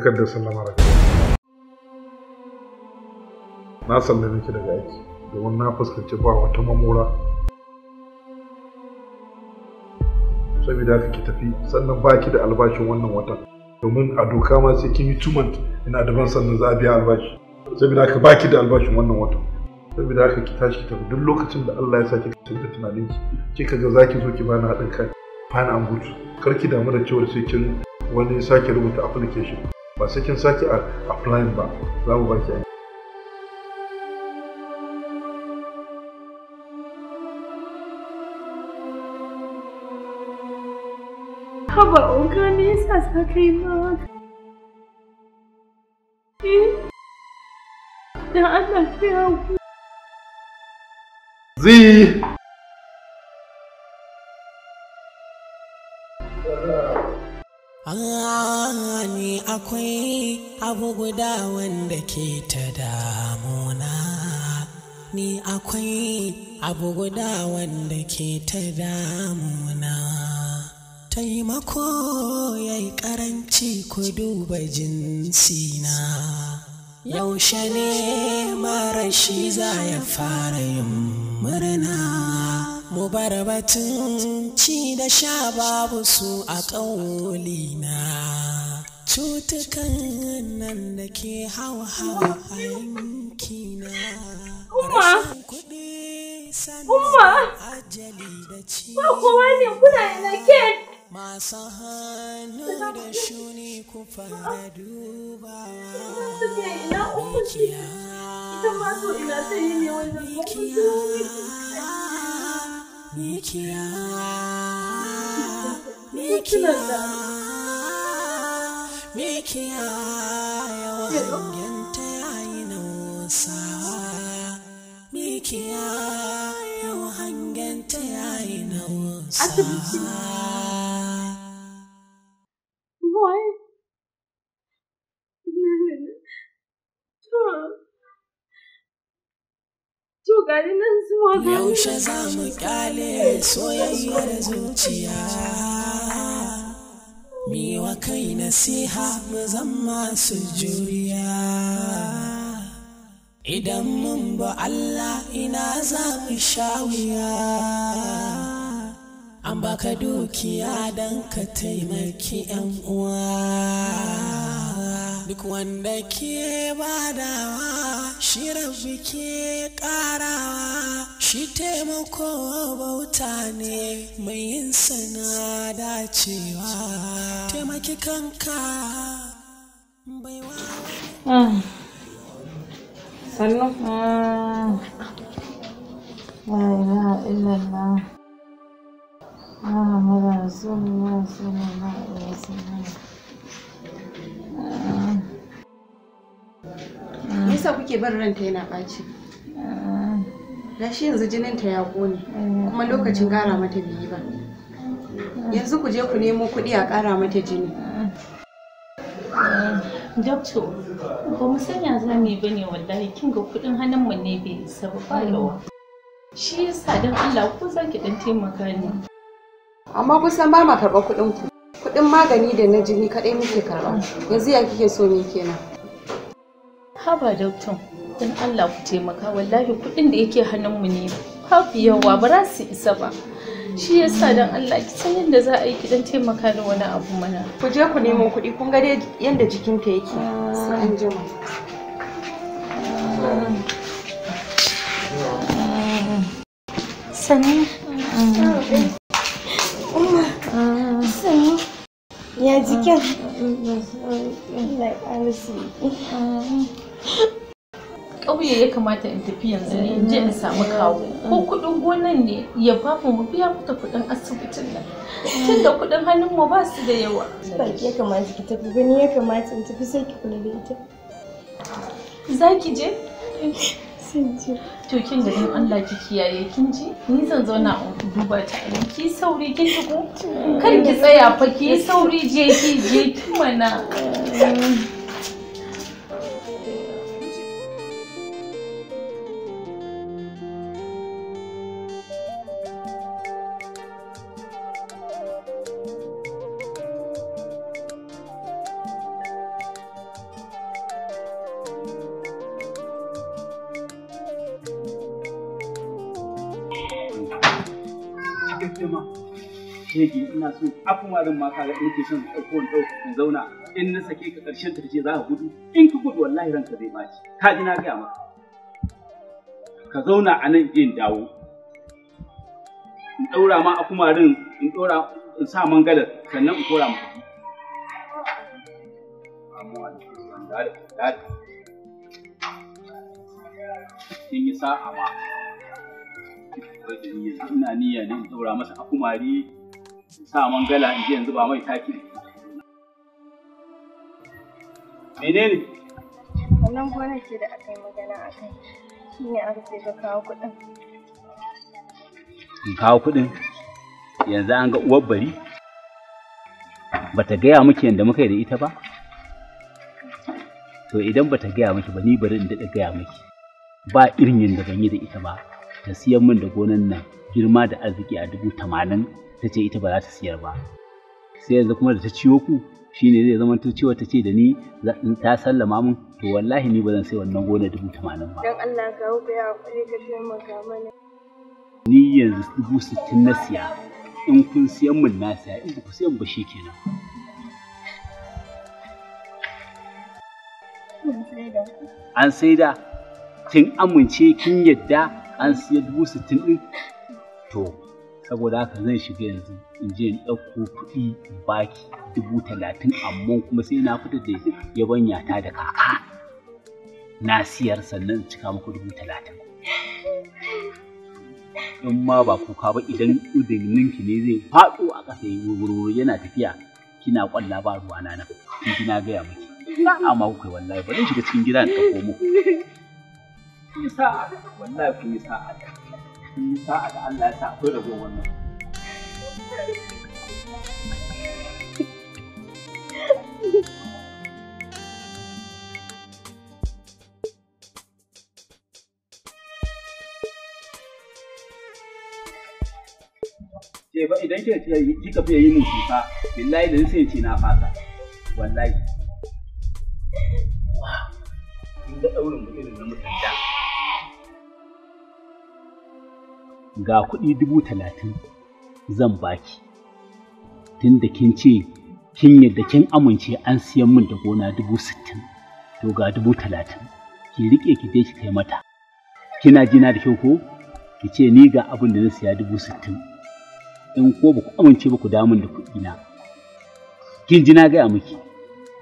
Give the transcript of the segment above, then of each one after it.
takardar sallama raka na sallame ki daga aiki domin na fuskanci ba wata mamura saboda haka ki tafi sannan ba ki da albashin wannan watan domin a doka ma sai kin yi tumant ina daban sannan za a biya albashi saboda haka ba ki da albashin wannan watan saboda haka ki tashi ki tafi duk lokacin da Allah ya sa tunanin canza tunaninki kaga ga ki zo ki bani haɗin kai fine an gudu kar ki damu da cewa sai kin wani sake rubuta application ba sai kin sake applying ba za mu baki aiki haba oga ne yasa sa kai ma da Allah sai ku. zai ni akwai abu guda wanda ke ta damuna ni akwai abu guda wanda ke ta damuna taimako ya yi karanci ku duba jinsina yaushe ne mara shi za ya fara yin murna mu bar batun ci da sha babu su a na. cutukan nan da ke hawa hawa a yankina rashin kuɗi sannan ajali da ci masu hannu da shuni ku fara duba mikiya mikiya mikiya mikiya mikiya yawan yanta yayi nausa mikiya yawan hanganta yayi nausa Boy. Yaushe za mu kyale soyayyar zuciya. wa kai nasiha mu zama su juriya idan mun ba Allah ina za mu sha wuya an baka dukiya don ka taimaki yan uwa duk wanda ke badawa shirin rabbi ke karawa shi taimako bauta ne mai yin sana dacewa taimaki kanka baiwa ah. sannu ah. Ah. kuke bar ranta yana ɓaci? shi yanzu jinin ta ya ƙone mm. kuma lokacin ƙara mata biyi ba mm. yanzu ku je ku nemo kuɗi a ƙara mata jini mm. Dokto, ba mu sanya za mu yi ba ne wallahi kin ga kuɗin hannunmu ne bai isa ba ba yawa. Shi yasa don Allah ko za ki ɗan taimaka ni. Amma kusan ba ma karɓar kuɗin ku. Kuɗin magani da na jini kaɗai muke karɓa. Yanzu ya kike so ne kenan. haba doktor don allah ku taimaka wallahi kuɗin da yake hannunmu ne babu yawa ba za su isa ba shi yasa don allah ki san yadda za a yi ki taimaka da wani abu mana ku je ku nemo kuɗi kun ga dai yadda jikinta yake sai an jima sani umma sani ya jikin ƙauye ya kamata in tafi yanzu ne in je in samu eh, kawo eh, ko kuɗin gonan ne ya ba mu mu biya mata kuɗin asibitin nan tun da eh. kuɗin hannun mu ba su da yawa baki ya kamata ki tafi gani ya kamata in tafi sai ki kula da ita za ki je to kin da dan Allah ki kiyaye kin ji ni zan zauna a duba ta ki sauri kin shigo kar ki tsaya fa ki sauri je ki je ki mana afumarin ma kaga in ke shan ɗauko in ɗauko in zauna in na sake ka ƙarshen ta ce za ka gudu in ka gudu wallahi ranka zai ɓaci ka ji na gaya maka ka zauna a nan in dawo in ɗaura ma akumarin in ɗaura in sa mangalar sannan in kora maka in yi sa'a ma ina niyya ne in ɗaura masa akumari sa mangala in yanzu ba mai taki menene wannan gonar ce da aka yi magana a kai shi ne aka ce ka kawo kuɗin in kawo kuɗin yanzu an ga uwar bari bata gaya miki yadda muka yi da ita ba to idan bata gaya miki ba ni bari in daɗa gaya miki ba irin yadda ban yi da ita ba ta siyan min da gonan nan girma da arziki a dubu tamanin ta ce ita ba za ta siyar ba sai yanzu kuma da ta ciwo ku shine zai zama cewa ta ce da ni ta sallama mun to wallahi ni ba zan sai wannan gona dubu tamanin ba. Dan Allah ka mana. Ni yanzu dubu sittin na siya in kun siyan mun na siya in ku siyan ba shi kenan. An sai da tun amince kin yadda an siya dubu sittin din to saboda haka zan shiga yanzu in je in ɗauko kuɗi baki dubu talatin amma kuma sai na fita da yabanya ta da kaka na siyar sannan cika muku dubu talatin in ma ba kuka ba idan ninki ne zai faɗo a ƙasa wuri yana tafiya kina ƙwalla ba ruwa na na kin na gaya miki na amma ku kai wallahi Zan shiga cikin gidan ka komo kun yi wallahi kun yi sa'a sun da Allah ya sa akwai rago wannan. ba idan kika fiye yi min kuka, billahi da sai ce na fasa, wallahi. Wow! ga kuɗi dubu talatin zan baki tun da kin ce kin yadda kin amince an siyan min da gona dubu sittin to ga dubu talatin ki riƙe ki je ki kai mata kina jina da kyau ko ki ce ni ga abin da na siya dubu sittin in ko ba ku amince ba ku damun da kuɗi na kin ji na gaya miki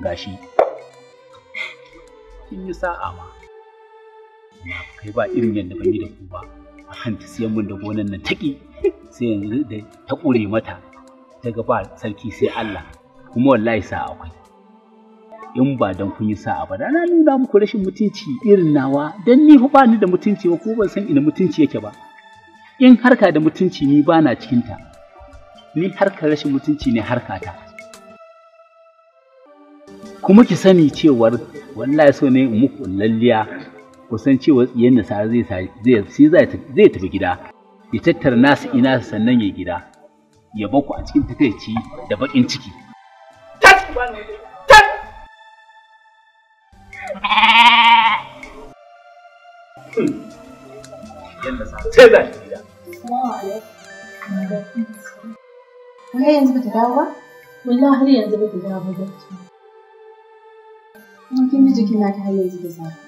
gashi kin yi sa'a ma kai ba irin yadda ban yi da ku ba hanta siyan min da gonan nan take sai yanzu da ta ƙure mata ta ba sarki sai Allah kuma wallahi sa akwai in ba dan kun yi sa'a ba na nuna muku rashin mutunci irin nawa dan ni fa ni da mutunci ba ko ban san ina mutunci yake ba in harka da mutunci ni bana cikin ta ni harka rashin mutunci ne harka ta. kuma ki sani cewar wallahi so ne muku lalliya ku san cewa da sa'a zai zai sai zai zai tafi gida ya tattara nasu ina sannan ya gida ya ku a cikin takaici da bakin ciki sai za Wai yanzu ba ta dawo ba? Wallah har yanzu ba ta dawo ba. Mun kin ji jikin na ta har yanzu da zafi.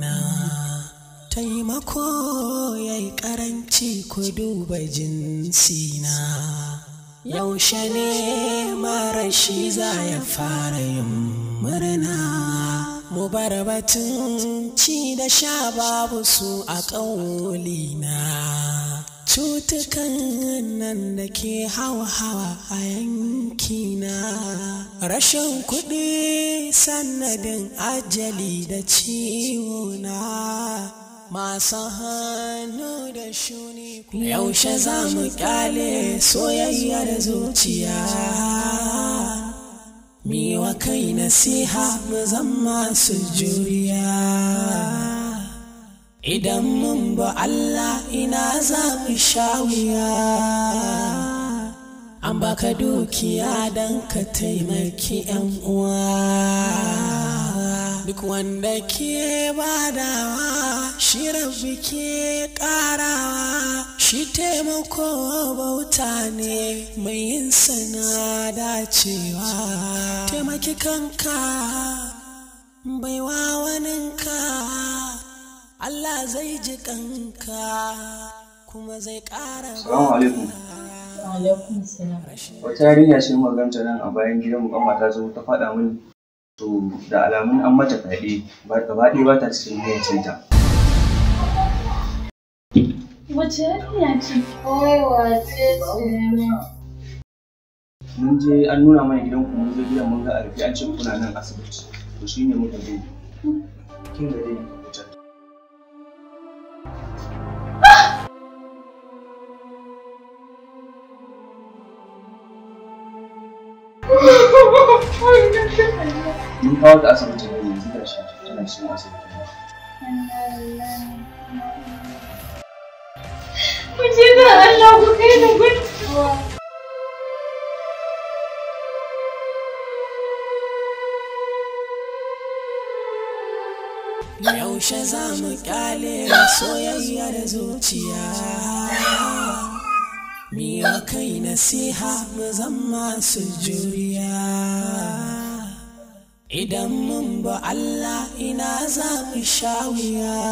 taimako ya yi karanci ku duba jinsina yaushe ne mara shi za ya fara yin murna mu bar batun ci da sha babu su a na. cutukan nan da ke hawa-hawa a yankina rashin kuɗi sannadin ajali da ciwo na. masu hannu da shuni yaushe za mu kyale soyayyar zuciya miwa kai nasiha mu zama su juriya idan mun ba Allah ina za mu sha wuya an baka dukiya don ka taimaki 'yan uwa duk wanda ke badawa shi rabi ke karawa shi taimako bauta ne mai yin sana dacewa taimaki kanka baiwa waninka Allah zai ji kanka kuma zai kara Wata yarinya ce maganta nan a bayan gidan mu ta ta faɗa mini to da alamun an mata fyaɗe gaba ɗaya ba ta cikin ta. Wace yarinya ce? Kawai wace ce? Mun je an nuna mana gidan ku mun zo gidan mun ga arfi an ce kuna nan asibiti to shi ne muka je. Kin ga dai Oh, my God. mun kawo ta asibiti ne yanzu da shi tana cikin asibiti ku je ga Allah ku kai ni gudu yaushe za mu kyale soyayya da zuciya miya kai nasiha mu zama su juriya idan mun ba Allah ina za mu sha wuya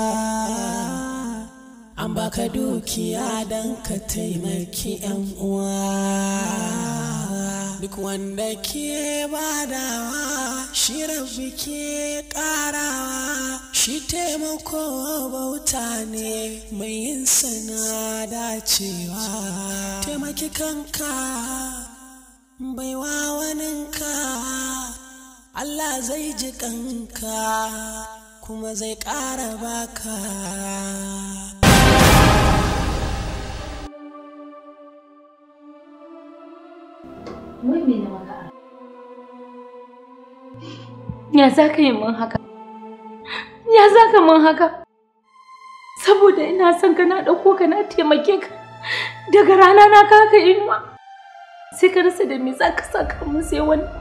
an baka dukiya don ka taimaki yan uwa duk wanda ke badawa shi rabbi ke karawa shi taimako bauta ne mai yin sana dacewa taimaki kanka baiwa waninka Allah zai ji kanka kuma zai ƙara baka. Ya za ka yi min haka? Ya za ka min haka? Saboda ina son ka na ɗauko ka na taimake ka daga rana na kaka inuwa. Sai ka rasa da me za ka saka sai wani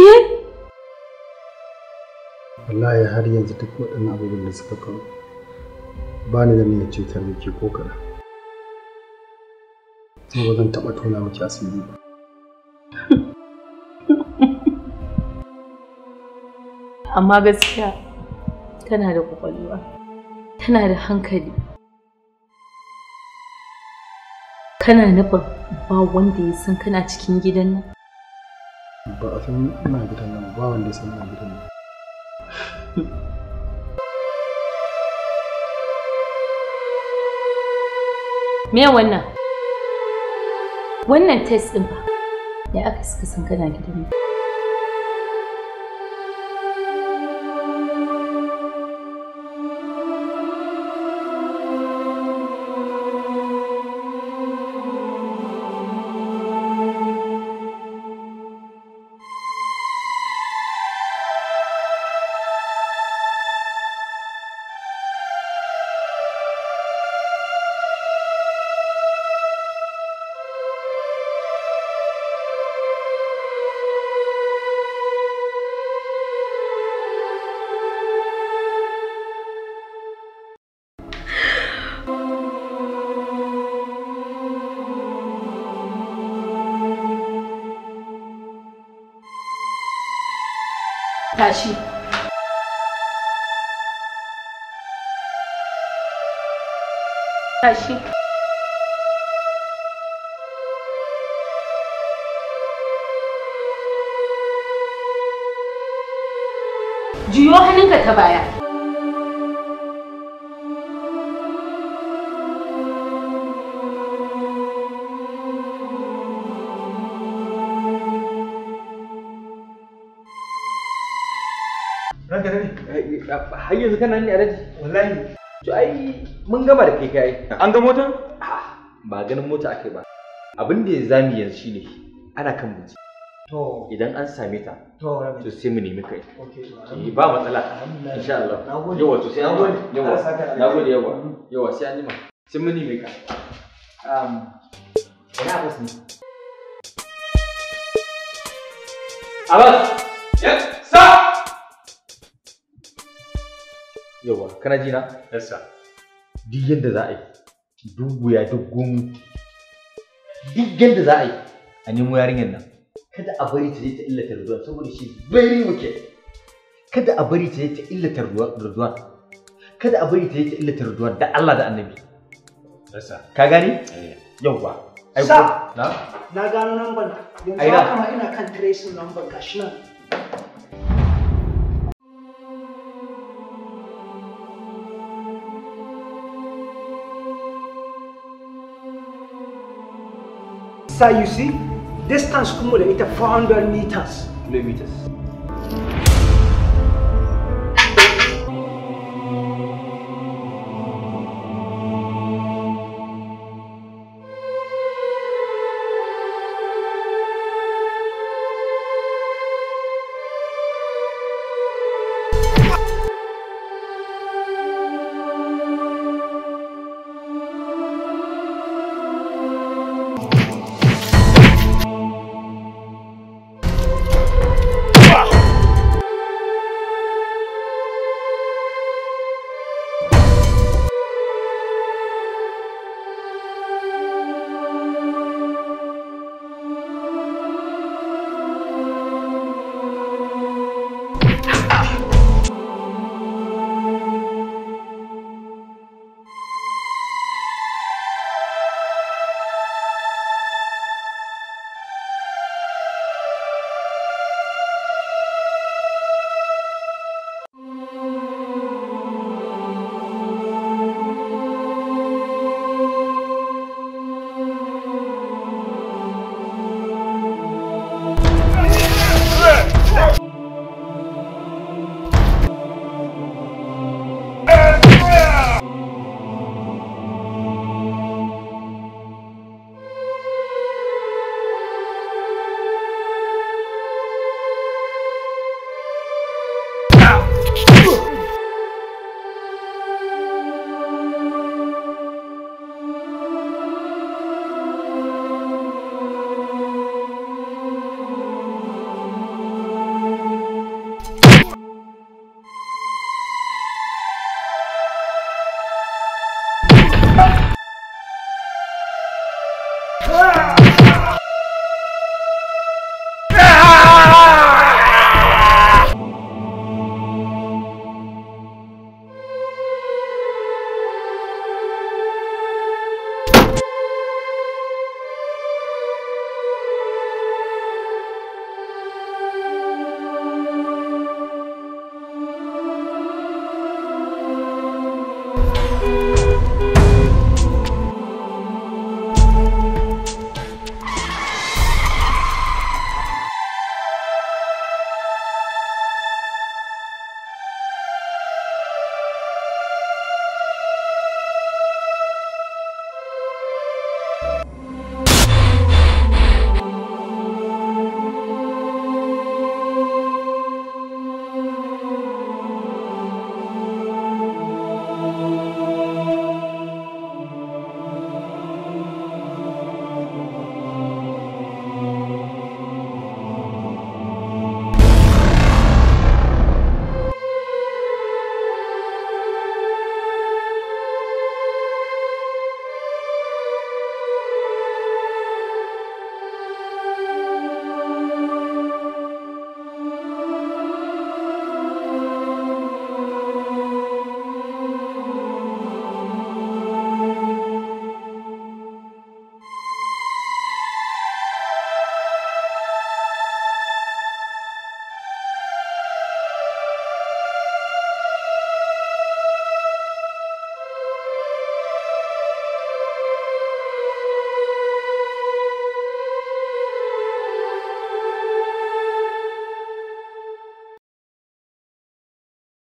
eh har yanzu duk waɗannan abubuwan da suka kawo ba ni da niyya cutar da ke ko kaɗan kuma ba zan taɓa tona miki asiri ba amma gaskiya tana da kwakwalwa tana da hankali kana nufin ba wanda ya san kana cikin gidan nan ba san ina gidan nan ba wanda san ina gidan nan me wannan wannan test din ba da aka suka san kana gidan nan tashi tashi juyo hannunka ta baya Ranka dade. Eh, har yanzu kana ni a daji? Wallahi. To ai mun gama da kai kai. An ga motar? Ba ganin mota akai ba. Abin da ya zami yanzu shine ana kan buji. To idan an same ta. To to sai mu nemi kai. Okay. Eh, ba matsala. Insha Allah. Yawa to sai an gode. Yawa. Nagode yawa. Mm. Yawa sai an jima. Sai mu nemi ka. Um ina abas ne. Abas. yawa kana ji na yes duk yadda za a yi duk wuya duk gumu duk yadda za a yi a nemo yarinyar nan kada a bari ta je ta illata ruduwa saboda shi very wicked kada a bari ta je ta illata ruduwa kada a bari ta je ta illata ruduwa da Allah da Annabi ka gani eh. yauwa sa na gano number yanzu haka ina kan tracing number gashi nan Sir, you see, distance Kumo ita 400 meters. Kilometers. 啊